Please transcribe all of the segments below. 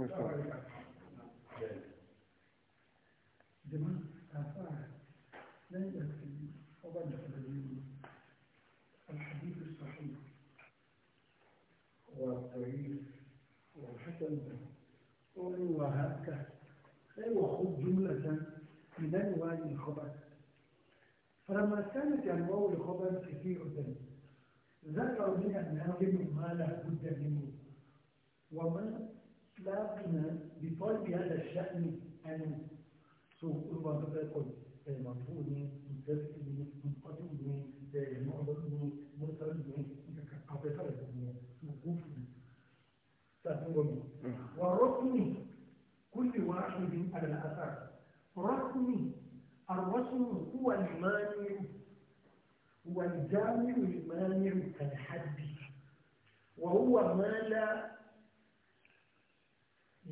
الحديث الصحيح والضعيف والحسن وهكذا لا يأخذ جملة من أنواع الخبر فلما كانت أنواع الخبر كثيرة ذكروا من ما لا بد منه وما لكن بطلب هذا الشأن أن ربما تقول مطلوبني متفقني منقطعني معضلني مرتبني أعطيتني موقوفني تأثرني ورسمي كل واحد على الأثر رسمي الرسم هو المانع هو الجامع المانع كالحد وهو ما لا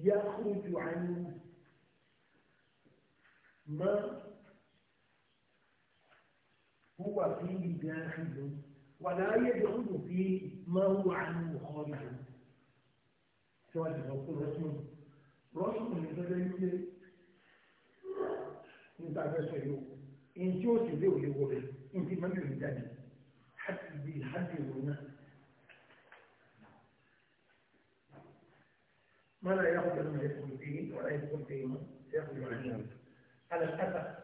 يخرج عن ما هو فيه داخل ولا يدخل فيه ما هو عنه خارج سواء تقول رسم رسم من ذلك nígbà fẹ́ sọ yìí o ntí o sì lé òye wọlé ntí mọ́tò yìí jáde hàtì bíi hàtì ìròyìn náà. فلا لا يخرج منه يدخل فيه ولا يدخل فيه يخرج عنه على الأثر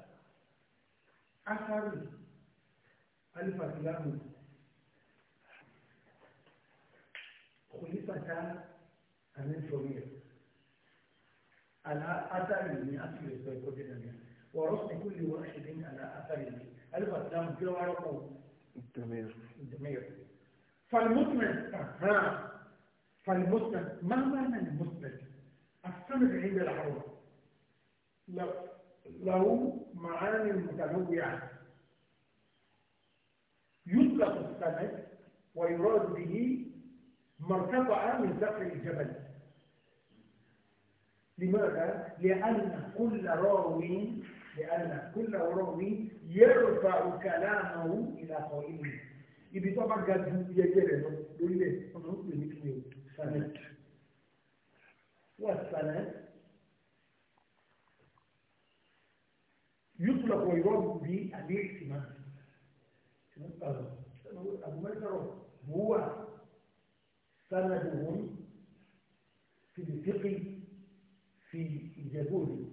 أثر ألف لام خلفتا من سوريا على أثر من أصل البيكوتينامية ورسم كل واحد على اثر ألف لام كل ورقه الدمير الدمير فالمطمئن فالمسند ما معنى المسند السند عند العرب له معاني متنوعة يطلق السند ويراد به ما ارتفع من سفح الجبل لماذا؟ لأن كل راوي لأن كل راوي يرفع كلامه إلى قائله إذا tó bá يجري ju iye jẹ́ rẹ̀ السند والسند يطلق ويراد به الاحتمال أبو مالك هو سندهم في الفقه في جبول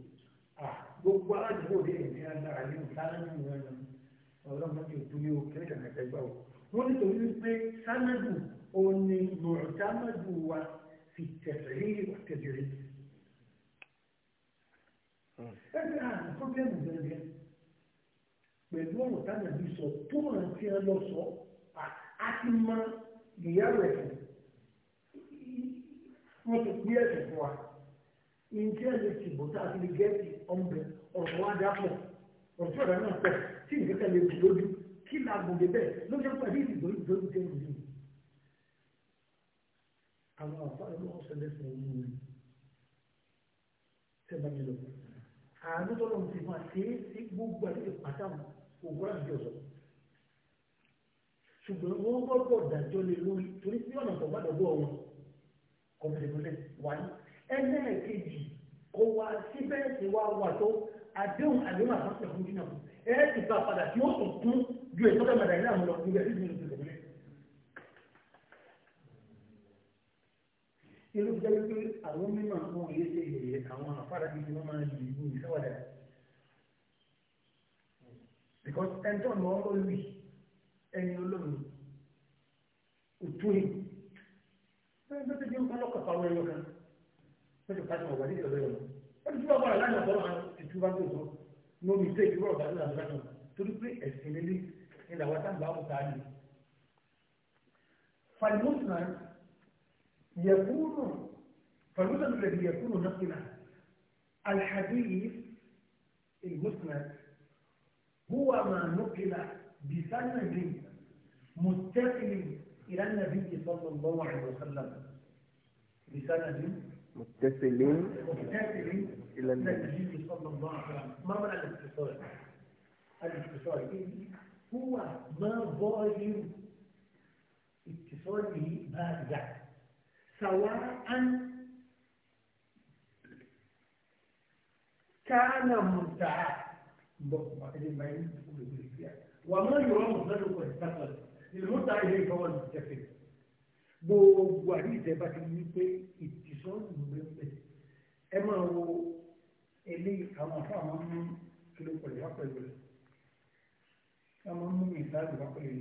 gbogbo aládùúgbò de ẹ̀mí agbára ní sálámù wọn ọlọ́mọdé òtúlé o kẹ́kẹ́ kẹ́kẹ́ gbà o wọ́n nítorí wípé sálámù ó ní mọ̀ọ́dámọ́dù wa fi tẹ̀sírí wa tẹ̀sírí. Hmm. ẹgbẹ́ àná pọ́blẹ́mù gẹ́gẹ́ pẹ̀lú ọ̀rọ̀ táwọn ẹbí sọ tó hàn tí wọ́n lọ sọ á ti mọ ìyá rẹ̀ fún wọ́n ti pín ẹ̀sìn fún wa ìjẹ́ lè ti bò tá a fi lè gẹ́ẹ̀tì ọ̀nbẹ ọ̀rọ̀ wa dápọ̀ ọ̀rọ̀ tí ọ̀rọ̀ náà pẹ̀ tí nǹkan kan lè bù lójú kí làgùn bẹ́ẹ̀ ló jẹ́ pẹ̀lú ìdìbò ìdìbò ìdìbò ìdìbò àwọn àfa ìlú ọ̀sẹ̀ lẹ́sìn ìlú rẹ̀ tẹ́ bá mi lọ. àánú tó lọ́n ti máa ṣe é sí gbogbo àti pàtàkì ògùn àti ọ̀sọ̀. ṣùgbọ́n wọ́n gbọ́dọ̀ dájọ́ lé lórí torí bí ọ̀nà tó bá dọ̀gbọ́ wọn kọ̀mìtìmọ́lẹ̀ wà ní. ẹlẹ́ẹ̀kejì kò wá síbẹ̀ tí wàá wà tó àdéhùn àdéhùn àtàkùn ẹ̀kún jìnnà ẹ̀ ti bá padà tí ó tún ju ètò ọ̀dọ̀ màdàlẹ́ àwọn ọ̀gbìn irú jẹ́ wípé àwọn mímọ̀ àwọn òye ṣe yẹ̀yẹ̀ àwọn àfárá bíi ti wọ́n máa yìí ní ìṣẹ́wàdà because ẹni tó ń lọ lórí ẹni olómi òtú ẹ̀ bẹ́ẹ̀ bẹ́ẹ̀ bí wọ́n lọ́kọ̀ pàwọ́ ẹ̀yọ kan wọ́n ti pàṣẹ ọ̀wọ́ nígbà lọ́yọ̀ wọ́n ti túbọ̀ bọ̀ láti ọ̀dọ́ máa ètú bá tó lọ lórí ìṣe ìdúró ọ̀gá ní àgbà náà torí pé ẹ̀sìn nílé ni làwọn táǹgbà ọ̀gá ní. fàlùmọ́sì náà يكون فالمسند الذي يكون نقلا الحديث المسند هو ما نقل بسند متصل إلى النبي صلى الله عليه وسلم بسند متصل متصل إلى النبي صلى الله عليه وسلم ما معنى الاتصال؟ الاتصال إيه؟ هو ما ظاهر اتصاله بارزة سواء كان منتهى وما يرى مصدره والسقط للمتعة إليه فهو المتكفل gbogbo àdìsẹ bá ti wí pé ìtìsọ́ọ̀nù gbẹgbẹ ẹ máa wo eléyìí àwọn afọ àwọn mú kìlọ̀ pẹ̀lú wá pẹ̀lú rẹ̀ ká mú mi ìsáàlù wá pẹ̀lú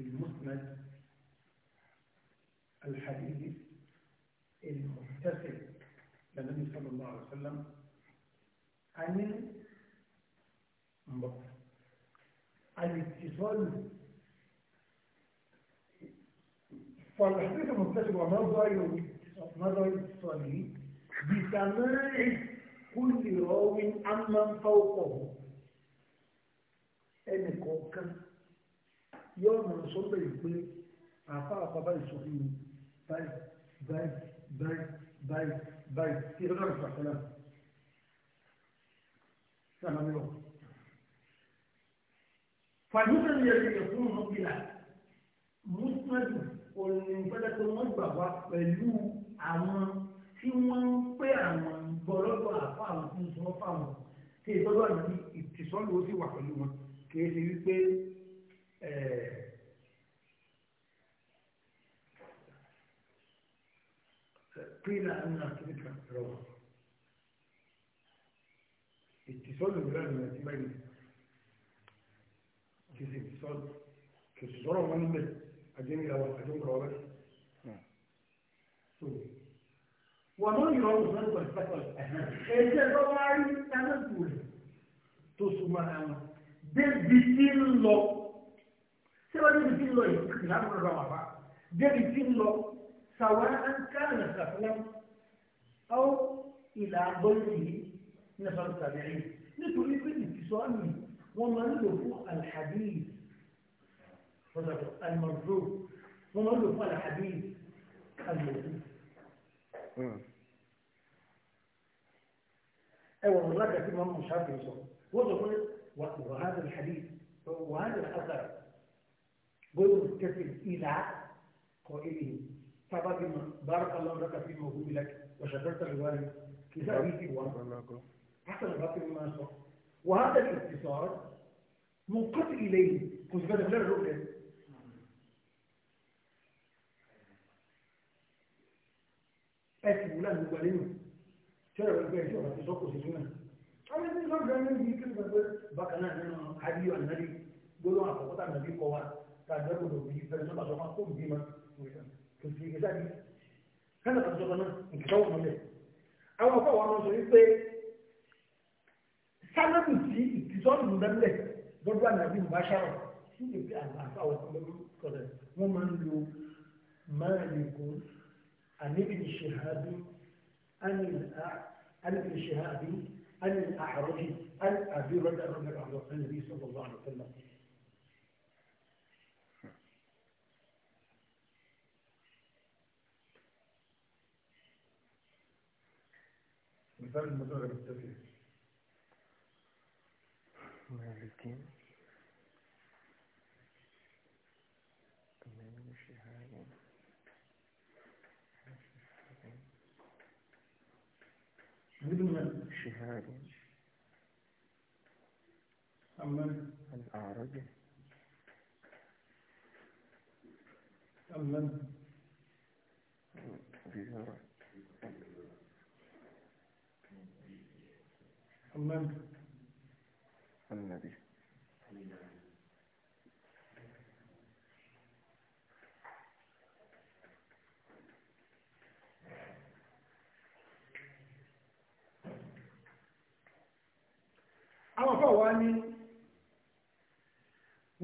ìlú mùsùlùmí الحديث المتصل للنبي صلى الله عليه وسلم عن الاتصال فالحديث المتصل ونظر نظر اتصاله بسماع كل راو عمن فوقه ان كوكا يوم mọ̀ يقول ìpè àfa àfàbà báyìí báyìí báyìí báyìí báyìí kí ló dọ̀rọ̀ sọ̀rọ̀ náà sí àná mi wọ̀. fàyínà ni ẹ̀rí ẹ̀kú ọ̀hún bìlà mùsùlùmí òní gbọ́dọ̀ tó wọ́n gbà wá pẹ̀lú àwọn tí wọ́n ń pè àwọn gbọ́lọ́gbọ́ àfa àwọn tí ń sọ fáwọn tí ìtọ́jú àti ìtìsọ́lù ó sì wà pẹ̀lú wọn kì í ṣe wípé ẹ̀ẹ́. قيل أنها تلك الروح اتصال البلاد من التميز كيس اتصال كيس الزرع منبت أجمي لو أجمي لو بس وما يرون ذلك الفترة إذا رواي أنا أقول تسمع أنا دبتين لو سوى دبتين لو يمكن أن أقول رواي دبتين لو سواء كان سفرا او الى بيته نفر التابعين نقول يقول لك سؤالي ومرضه الحديث المرجوح ومرضه الحديث المرجوح ايوه مرات كتير مهم مش عارف يوصل وهذا الحديث وهذا الاثر قلت كتب الى قائله طبق بارك الله لك في موجود لك وشكرت الوالد لتأويتي بوضع حتى الباطل ما أصبح وهذا الاختصار منقطع إليه كنت بدأ بلا الرؤية أكل ولا مبالين ترى البيع شرب في سوق وسجنة أنا من زوج جميل يمكن بقى أنا أنا حبيبي النبي قولوا أنا فقط النبي قوات كان يقولوا بيجي فلسفة بس ما كنت ويسمى kò sì gbèsè àbí kánà kan sọ̀tọ̀ náà nǹkan wọ̀ mọ́lẹ̀ àwọn afọ àwọn ọmọ sọ wípé sálábù tí ìtìsọ́nù ń bẹ́ẹ̀ lọ́dún ànàbí mùbáṣárọ̀ sí ìpè àgbàfà ọ̀pọ̀lọpọ̀ kọ̀dẹ̀ wọ́n máa ń lo máàlìkù àníbìlì ṣèhàbí àníbìlì ṣèhàbí àníbìlì àhàrọ́jì àníbìlì àbí rọ́dà rọ́dà rọ́dà rọ́dà باب المضارع مالكين أمن الأعرج أمن من النبي àwọn afọ́ wa ní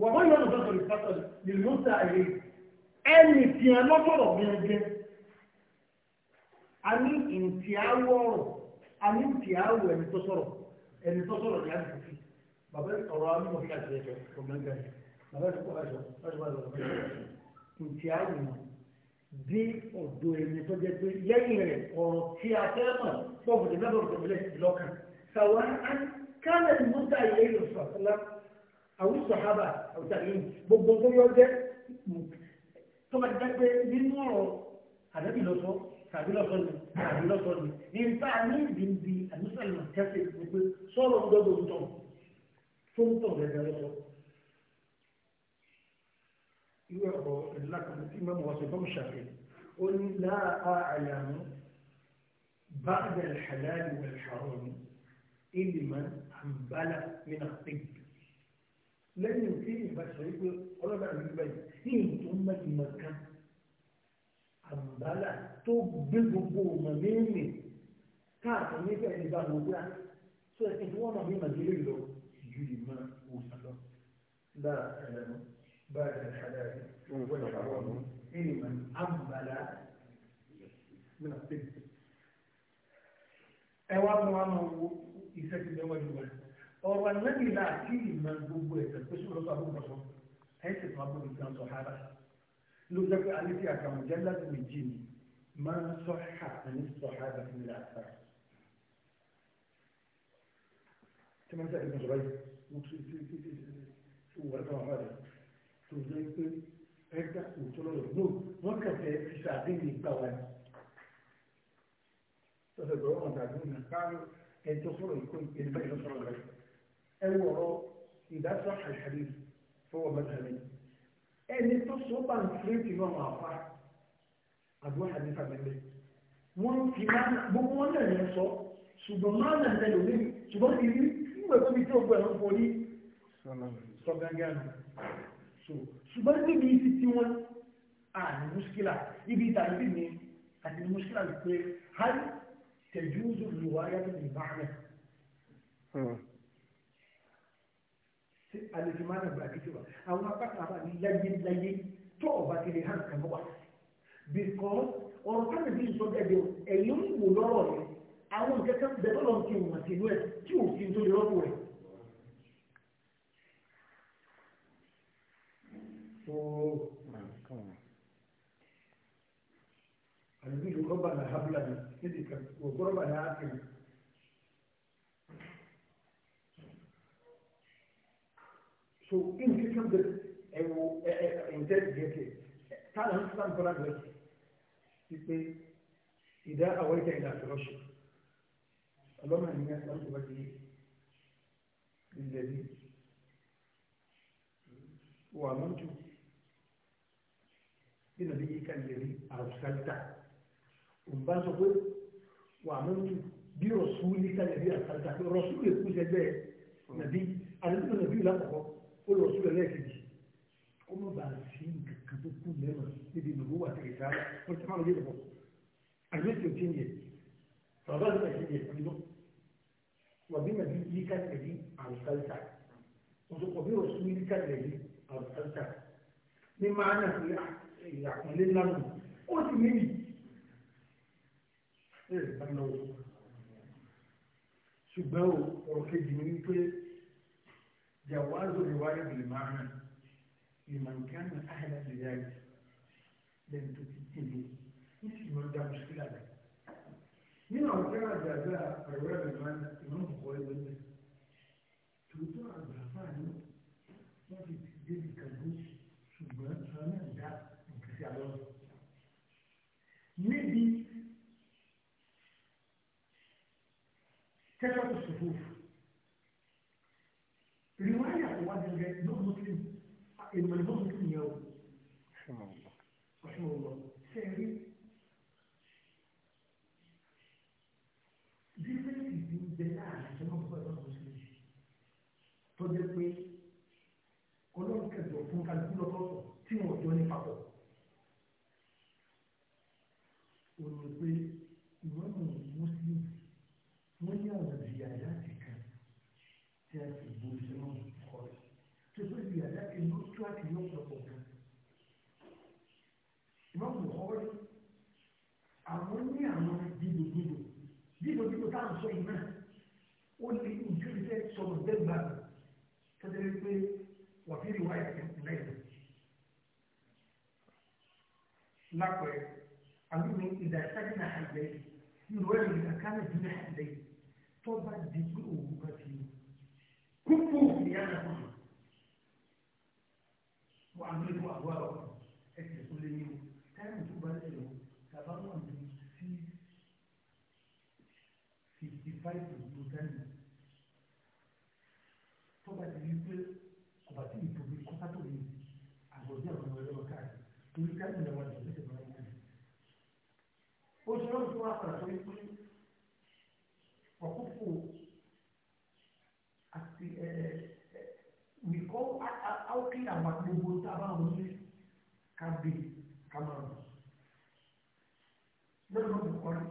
wọ́n wọ́n yọ́nà sọ́tọ̀ ìpátọ̀lù nílùú sàárè ẹni tí a lọ́tọ̀rọ̀ bí ẹgbẹ́ a ní ìntì àwọ̀ ọ̀rọ̀ a ní ìntì àwọ̀ ẹni tó sọ̀rọ̀ ẹni tó sọ̀rọ̀ ní àdìsí fi bàbá ọ̀rọ̀ àwọn ọmọ fi àti ẹ̀jọ̀ ọ̀gbọ̀n gan bàbá ìfọ̀kọ̀ ẹ̀jọ̀ ọ̀jọ̀ bàbá ọ̀gbọ̀n ntì àyìn dé ọ̀dọ̀ ẹni tó jẹ́ pé lẹ́yìn rẹ̀ ọ̀rọ̀ tí a fẹ́ mọ̀ pọ̀bù tó náà bọ̀rọ̀ tẹ̀lé lọ́kàn sàwọn kálẹ̀ ní mú ta ilé ìlú sọ̀tọ́lá àwọn sọ̀hábà àwùjọ àyìn gbogbo tó yọ jẹ́ tọ́ba ti dá pé nínú ọ̀rọ̀ àdẹ́bì lọ́sọ̀ọ́ tàbí lọ́sọ̀ ni tàbí lọ́sọ̀ ni ní nta ní ìdíndín àdúsàlù kẹsì ni pé sọ̀rọ̀ gbọ́dọ̀ ń tàn tó ń tàn gẹ́gẹ́ lọ́sọ̀. irú ẹ̀kọ́ ìlà kan tí mẹ́mọ́ wá sí fún ṣàfihàn ó ní láàá àyàmú بعد الحلال والحرام إلما أنبل من الطب لن يمكن يبقى شريك ولا بقى من البيت إن ثم المكان àmàlà tó gbé gbogbo ọmọ mímì káàkiri níbẹ̀ ní bá wọn gbá tó ẹ ti fi wọn mọ̀ mímọ̀ délé lọ ju ìmọ̀ òsàn lọ. lára ẹlẹ́nu bá a jẹ ṣáda rẹ̀ wọ́n gbọ́dọ̀ bá wọn mú ìmọ̀ àmàlà nínú àpèjì. ẹ wo iṣẹ́ ti bẹ́ẹ̀ wọ́n ní ọ̀rọ̀ ànábìlà àti ìmọ̀ gbogbo ẹ̀sẹ̀ pé sọ́dọ̀ àbúrò kan sọ ẹ̀ sì tún àbúrò لو ذكر أن فيها كمجلد من جيني ما صح من الصحابة من الأثر كما تعرف ابن جبير شو هذا هذا شو زي كل هيك وصلوا له نو ما كان في في ساعتين يتكلم هذا هو أن تعلم من كارو أن تصل يكون إلى ما يصل إليه هو إذا صح الحديث فهو مذهبي ẹni tó sọ bá ń fúrẹ́tì náà wà fà àbúrò àdìsá mẹ́lẹ̀ wọ́n fi máa gbogbo wọn náà yẹn sọ ṣùgbọ́n máa nà ẹ̀ lómi ṣùgbọ́n ti rí nígbà tó tí o gbọ́ ẹ̀rọ fún ní sọ gángan nù ṣùgbọ́n níbi ti ti wọn à ní mùsùkìlà ibi ìtàgé ni àti ní mùsùkìlà pé hali tẹ̀jú lùwáyà tó lè bá rẹ̀. Hmm àlejò máa nàgbà àkìtì wa àwọn apákan àbá ní láyé tó ọba ti hàn kàn wá because ọ̀rọ̀ táwọn ìbí ìsọjá jẹ ẹ̀yìn ń wò lọ́rọ̀ yẹn àwọn nǹkan kan bẹ̀rẹ̀ lọ́n ti wọ̀n sí inú ẹ̀ tí òfin tó lè rọ́pò rẹ̀. àlùbí ìlú rọ́bà náà hábùlà ní níbi kan ògbó rọ́bà náà á kiri. so nkeke bɛ ɛwɔ ɛɛ ɛntɛ gɛte taa nan sisan kɔla bɛ ipe ida awai ta ila firashi alama ni ya san kuma ti lillahi wa amantu bi nabiyyika alladhi arsalta n ba sọ pé wa amantu bi rasulika alladhi arsalta rasul yẹ kú sẹgbẹ nabi alẹ́ bí nabi lakọ̀kọ́ kó lọ sí ẹlẹ́ẹ̀kejì kó má bàa sí nǹkan kan tó kú mẹ́wàá níbi ìlú wà tẹ̀lé sáré wọ́n ti máa ń lé lọ́pọ̀ àdúgbò tí o ti ń yẹ bàbá mi ti ń yẹ ọdún wà bí màbí yí ká tẹ̀lé àrùn sálítà wà bí wọ́n sún yí ká tẹ̀lé àrùn sálítà ní máa nà sí àkànlé ńlá ó sì níbi ṣùgbọ́n ọ̀rọ̀ kejì ni wípé. جواز الرواية بالمعنى لمن كان أهلا لذلك لن تتبه مثل ما ده مشكلة ده هنا وكان جازاء الرواية بالمعنى إمام بخاري بنت توتو عبد الرحمن ما في تدير الكابوس ṣùgbọ́n àwọn náà dá nǹkan sí àlọ́ níbi tẹ́lẹ̀ kò ṣòfò fún. yẹn ló mú sí èèmọ̀ ló mú sí yẹn o. ọ̀ṣun ọ̀lọ́ ṣe rí dífẹ́ǹsì ti ń bẹ láàrin tó máa ń bọ̀ lọ́wọ́ sí i tó jẹ́ pé ọlọ́run kẹjọ fún kálukú lọ́tọ̀ọ̀tọ̀ tí wọ́n jọ ní papọ̀. dídòdìdò tá à ń sọ yìí náà ó lè ojú ìfẹ́ sọ̀rọ̀ dẹ́gbà tọ́jú pé wàfíìrì wáyà ìpínlẹ̀ ìlú. lápẹ̀ àlùmí ìdàsájìnà àgbẹ̀ ìlú ẹ̀rọ ìdàkánà jùlọ àgbẹ̀ tó bá di pé òun bá ti yọ. kúkú ìyá náà wà á lóyún àbúrò five to ten minutes tó bá ti di pé kò bá ti ìtòbi kọ́tà tó yẹ àgbọ̀dé àwọn ọmọ ẹlẹ́wọ̀n káàkiri torí káàkiri làwọn àjọ tó ti máa ń yẹn. ó ṣe lọ́dún tó wá padà sọ pé ọ̀kúkú àti nìkọ́ áwọ́kí àwọn gbogbo tá a bá wọn ní kábí kámọ́rọ̀ lọ́dún lọ́dún kọ́ni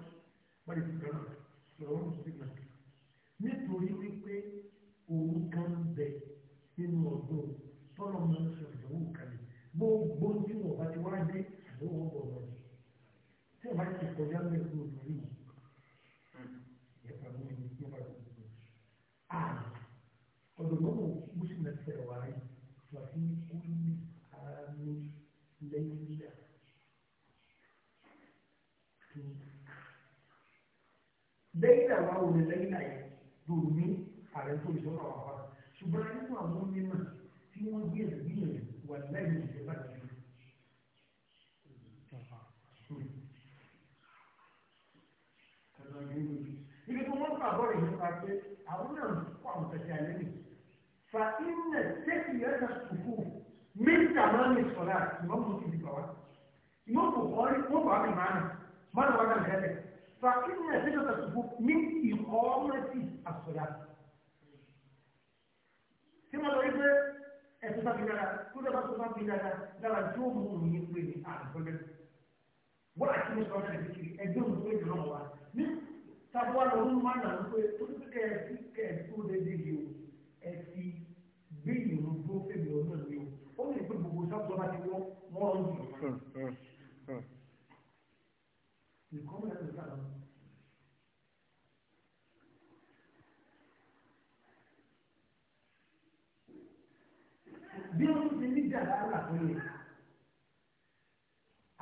wọ́n lè fi gbọ́dọ̀ lọ́wọ́ nítorí wípé òun kan bẹ nínú ọdún tọ́lọ̀ máa ń sọ ìdánwò kalẹ̀ gbogbo tí wọ́n bá ti wá dé àdéhùn ọ̀bọ̀ wọn ni tí wọ́n bá ti kọjá mẹ́rin olórí yìí yẹ̀pẹ̀ mú mi yẹ̀pẹ̀ mú mi. ọ̀dọ̀ mọ́mọ́ mùsùlùmí ẹ̀fẹ̀ wà á yìí wà sí kúlí àmì lẹ́yìn ìyá. lẹ́yìn àwọn olè lẹ́yìn àyè mùsùlùmí ààrẹ tó ìṣòro àwọn àbá ṣùgbọ́n nínú àwọn mímọ̀ tí wọ́n gbé ìgbìyànjú wà lẹ́yìn ìjọba ìjọba. ibi tí wọ́n gbà bọ́ọ̀lù yìí pa pé àwọn náà kó àwọn tẹ̀sí alẹ́ nì. fa iná tẹ́sí ẹ̀ka sùkú mẹ́ta máa ń sọ̀rọ̀ ìmọ̀ mọ̀ sí ibi bàwá. ìmọ̀ kò kọ́ rí wọ́n bọ̀ á mi máa nà máa nà wọ́n dà mí lẹ́lẹ̀. fa iná tẹ́sí ẹ̀ka sùkú ní kọjá tí wọ́n lọ rí pé ẹ̀sùn bá fi dára tó dábàá tó bá fi dára dára tí ó mú òun ní pé ní àgbọ̀dẹ wọ́n àti mo sọ̀rọ̀ ẹ̀ kiri ẹgbẹ́ òun tó jùlọ wà ní tabuwa lọ ń máa nà wípé tó ti kẹ́ ẹ̀ sí kẹ́ ẹ̀ tó dédé yìí o ẹ̀ ti gbé ìrùn tó fèmí ọ̀nà mi o ó lè pé gbogbo sábà bá ti wọ́n wọ́n ń jù. Hmm, hmm, hmm. ìkọ́mọ̀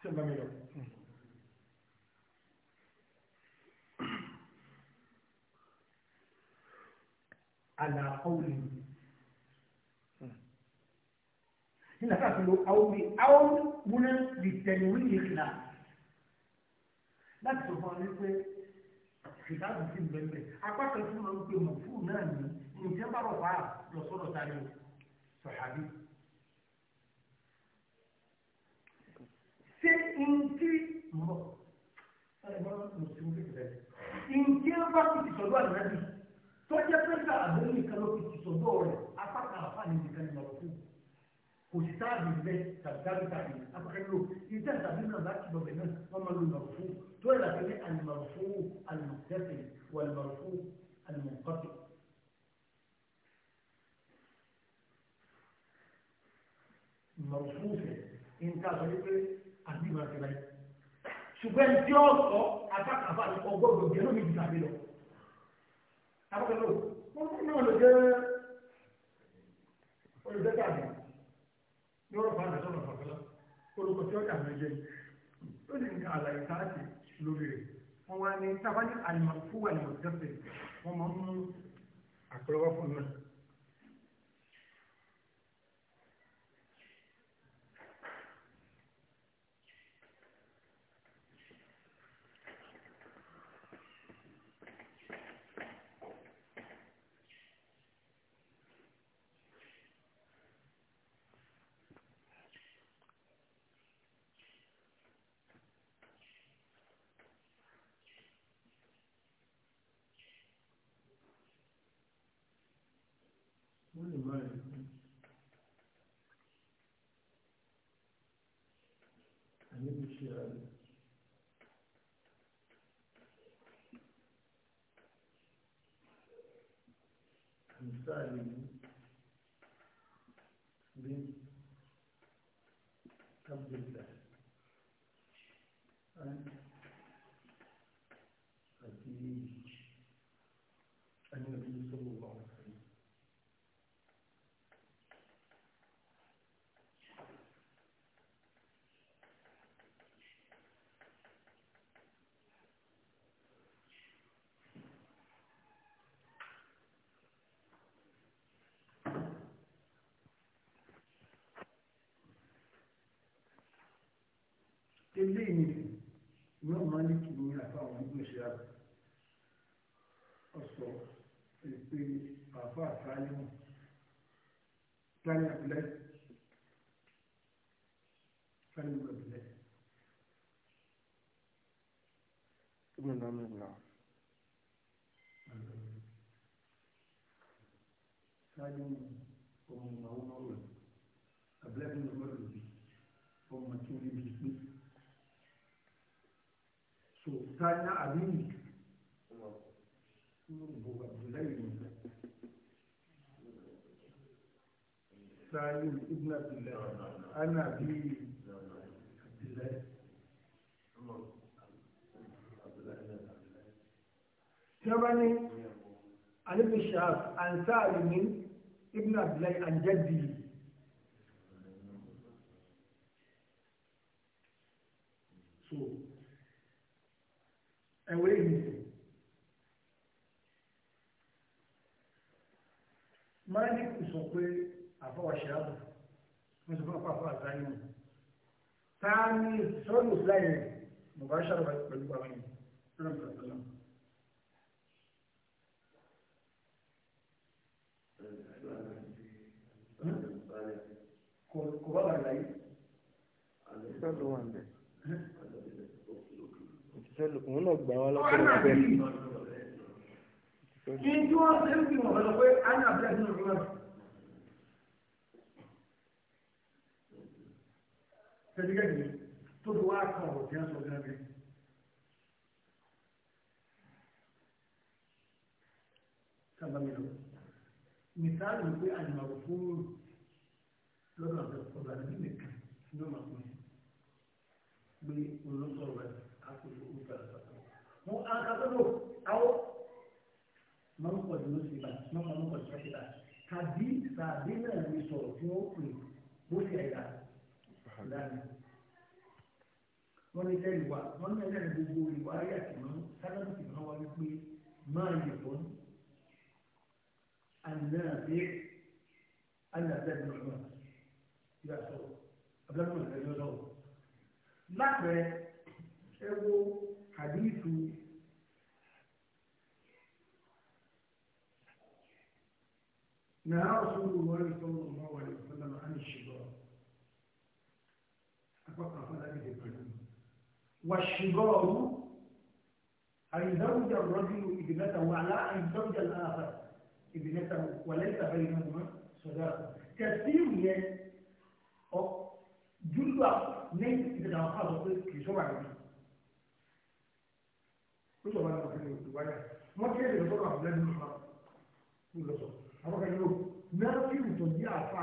ṣé n bá mi lọ. àlàkọ́wùlì nígbà tá a fi lo àwòrán àwòrán múná lè tẹ̀lé orí yìí kìlá láti sọ fún wa wípé kìlá kò sí bẹ́ẹ̀ apá kan fún wa wípé mọ̀fún náà ní ìjẹ́bàrọ̀ wà lọ́sọ̀rọ̀ sáré sọ̀hábí. ṣé ntí mọ̀ ntí bá ti ti sọ̀dọ̀ ànábì tọ́jà pẹ́sà àbẹ̀rẹ̀ nìkan ló ti ti sọ̀dọ̀ rẹ̀ apáta àfààní nìkan ni ọ̀kú kò sí táàbì bẹ́ tàbí táàbì tàbí apákẹ́lò ìdá tàbí náà láti bọ̀bẹ̀ náà wọ́n máa lo ìmọ̀fó tó yẹ láti ní àlùmọ̀fó àlùmọ̀tẹ́fẹ̀ wà àlùmọ̀fó àlùmọ̀kọ́tẹ̀. mọ̀fó fẹ̀ ń tàbí pé àbí ìmọ̀ àti ìbáyìí ṣùgbọ́n ẹni tí ó sọ àbákàbá ni ọgọ́dọ̀ jẹ́ lómi ìdìbò àbí lọ. àbákàbá ló wọ́n fún náà ló jẹ́ olùdókè àgbà ní ọ̀rọ̀ bá àgbàdo ọ̀rọ̀ bàbá olùkọ́ tí ó dà mí jẹ́ ó sì ní àlàyé sáàtì lórí rẹ̀ wọ́n wá ní sábà àlùmọ̀ fún àlùmọ̀ Pikiran Misalim Bin Abdul eléyìí ìmọ̀ mọ́lìkì ní àfáwọn onígbèsè àgbà ọ̀sọ̀ èpè àfa àtàlẹ́mù tani àbúlẹ̀ tani àbúlẹ̀. Ibùdó náà mi nà. Tani sani amini sani ibn abdullahi ana bi abdullahi tabani alibin shahab an sa'alimin ibn abdullahi an jaddi so ẹ̀wọ̀ èyí máàlìkù sọ pé àfọwọ́ṣẹ́ àbò wọ́n sọ fún àpapọ̀ àzáyé wọn ta ni sọ́ọ̀lù láyé mo bá pẹ̀lú bàbá yìí lọ́nà pẹ̀lú lọ́nà. kò bá wà láyé òun náà gbà wọn lọ́pọ̀ lọ́pẹ́. kí n tí wọ́n ṣe ń fi wọ̀n lọ pé a ní àbúrò ẹ̀sìn òun náà. tẹ̀síkẹ́jì tó fi wá kan ọ̀rọ̀ tí wọ́n sọ fún ẹgbẹ́. sábàmì lọ mìsáàlì pé àyìnbó fún lọ́dọ̀ àbẹ̀kọ̀ ọ̀gá nìkan ní ọmọ ọkùnrin gbé olóńtọ̀ ọ̀gá mo an ka tó lò àwọn máa ń pọ̀ jù lóṣù ìbá máa ń pọ̀ jù lóṣù ìbá tàbí tàbí náà lè sọ̀rọ̀ tí wọ́n pè bó ṣe ẹ̀dá lánàá wọ́n ní sẹ́yìn wa wọ́n ní ẹ̀dá gbogbo ìwà ayé àtìmọ́ sálábù ti máa wípé máa yẹ fún ànáàbí ànáàbí àti ọ̀gbọ́n yóò sọ̀rọ̀ abúlé mọ̀ ní ẹ̀yọ́ lọ́wọ́ lápẹ̀ẹ́ ẹ wo. حديث نهى رسول الله صلى الله عليه وسلم عن الشبار أفقى فلا يجب والشبار أن زوج الرجل ابنته وعلى أن زوج الآخر ابنته وليس بينهما صداقة كثير جزء من إذا كان في كي شو ló sọ ma lọ sí ní òtún wáyà wọn kéde lọ sọ̀rọ̀ àbúlé nínú ma ló lọ sọ àwọn kan yóò náà kí ìrùtọ̀ yí àfa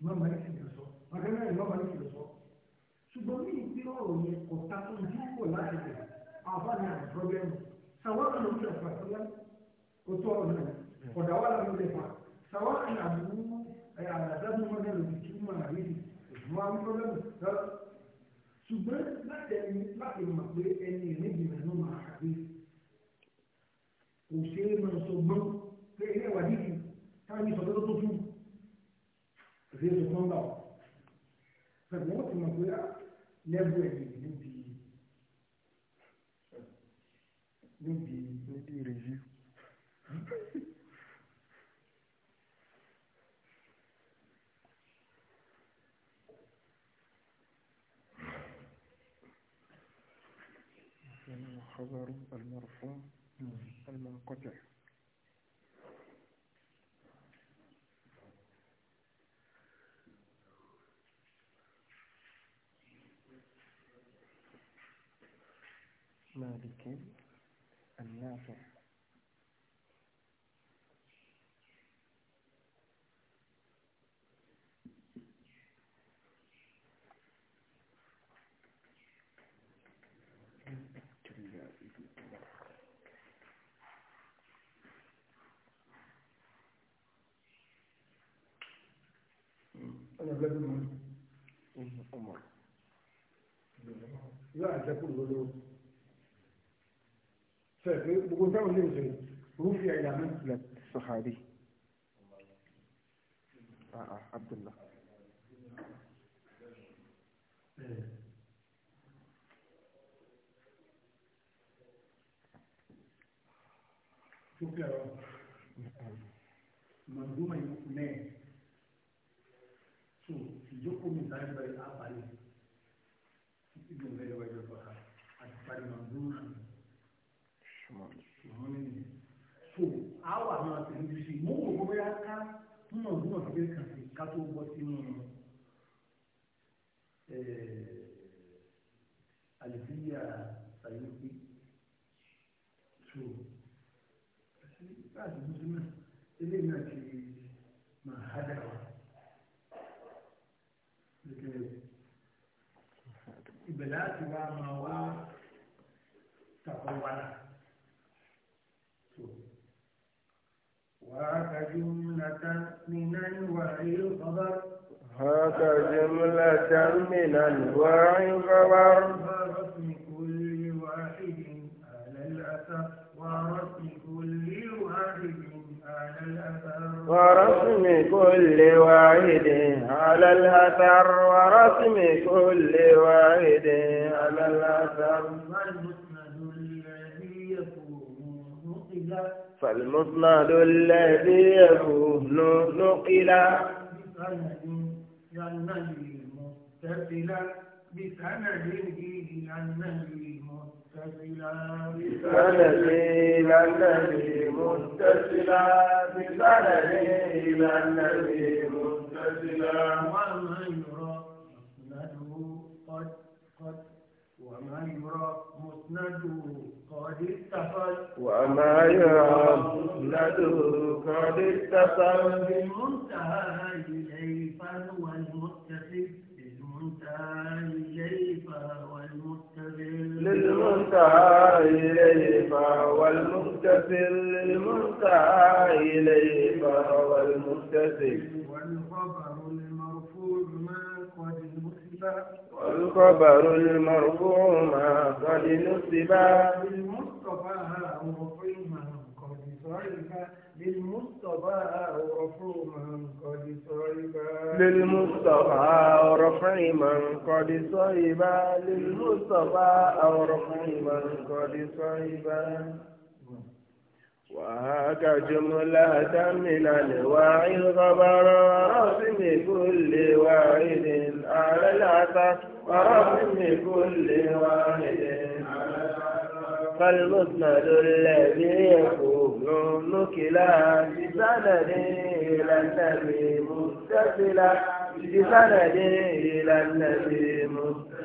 ìmọ̀ màá ní kìlọ̀ sọ màkà náà ìmọ̀ màá de kìlọ̀ sọ ṣùgbọ́n ní ìpín ọ̀rọ̀ yẹn kò ta tó ń dín kò láti bẹ̀ àfa o àwọn pọ́blẹ́mù sàwọn kan ló ń tẹ̀ fà sílẹ̀ kó tó ọ̀rọ̀ náà kọ̀dà wà láti lè fà sàwọn na àbúrú àdàdàbọ̀ mọ́tẹ́ lòdì kí ṣùgbọ́n láti ẹni láti mọ̀ pé ẹni ìrìnàjò náà ló máa ṣàdé kò ṣe é máa sọ gbọ́n pé ilé ìwádìí kù káàmì sọ tó tó fún ṣe é sọ fún báwọ̀ pẹ̀lú wọ́n ti mọ̀ pé ah, lẹ́bù ẹ̀mí níbi níbi níbi rèview. الخبر المرفوع المنقطع مالك أنا طيب، من المنزل عمر لا تكون غلوب بقول تعمل ليه زي رفع إلى منزلة لا الصحابي آه آه عبد الله شوف يا رب نعم. منظومة يقنان túmọ̀ túmọ̀ sí pé kàfi ká tó bọ́ sínú àlùfíà sàyẹ́ǹsì so láti dúdú náà eléyìí náà ti máa hádà wá ibẹ̀ láti wá máa wá tàkọ̀ wá náà. هاك جملة من أنواع الخبر هاك جملة من أنواع الخبر ورسم كل واحد على الأثر ورسم كل واحد على الأثر ورسم كل واحد على الأثر ورسم كل واحد على الأثر والمسند الذي يكون نقلا فالمسند الذي يكون نقلا ينهي متصلا بسند إلى النهي متصلا بسند إلى النهي متصلا بسند إلى النهي متصلا ومن يرى مسنده قد قد ومن يرى مسنده وما يولد قد اتصل بالمنتهى إليه فهو المتصل بالمنتهى إليه فهو المتصل للمنتهى إليه فهو المتصل للمنتهى إليه فهو المتصل والخبر المرفوع والخبر المرفوع ما قد نسبا بالمصطفى رفوما قد صرفا للمصطفى رفوما قد صرفا للمصطفى رفع من قد صيبا للمصطفى رفع من قد صيبا وهاك جملة من الواعي الغبراء من كل واحد على العتق ورب من كل واحد فالمسند الذي يكون نكلا بسند إلى النبي متصلا بسند إلى النبي متصلا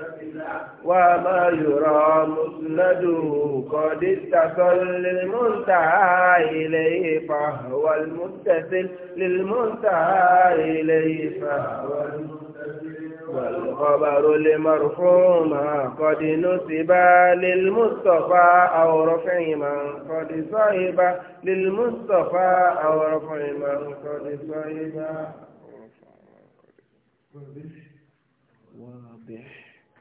وما يرى مسنده قد اتصل للمنتهى إليه فهو المتصل للمنتهى إليه فهو والخبر لمرحوما قد نسبا للمصطفى أو رفع من قد صاحبا للمصطفى أو رفع من قد صاحبا واضح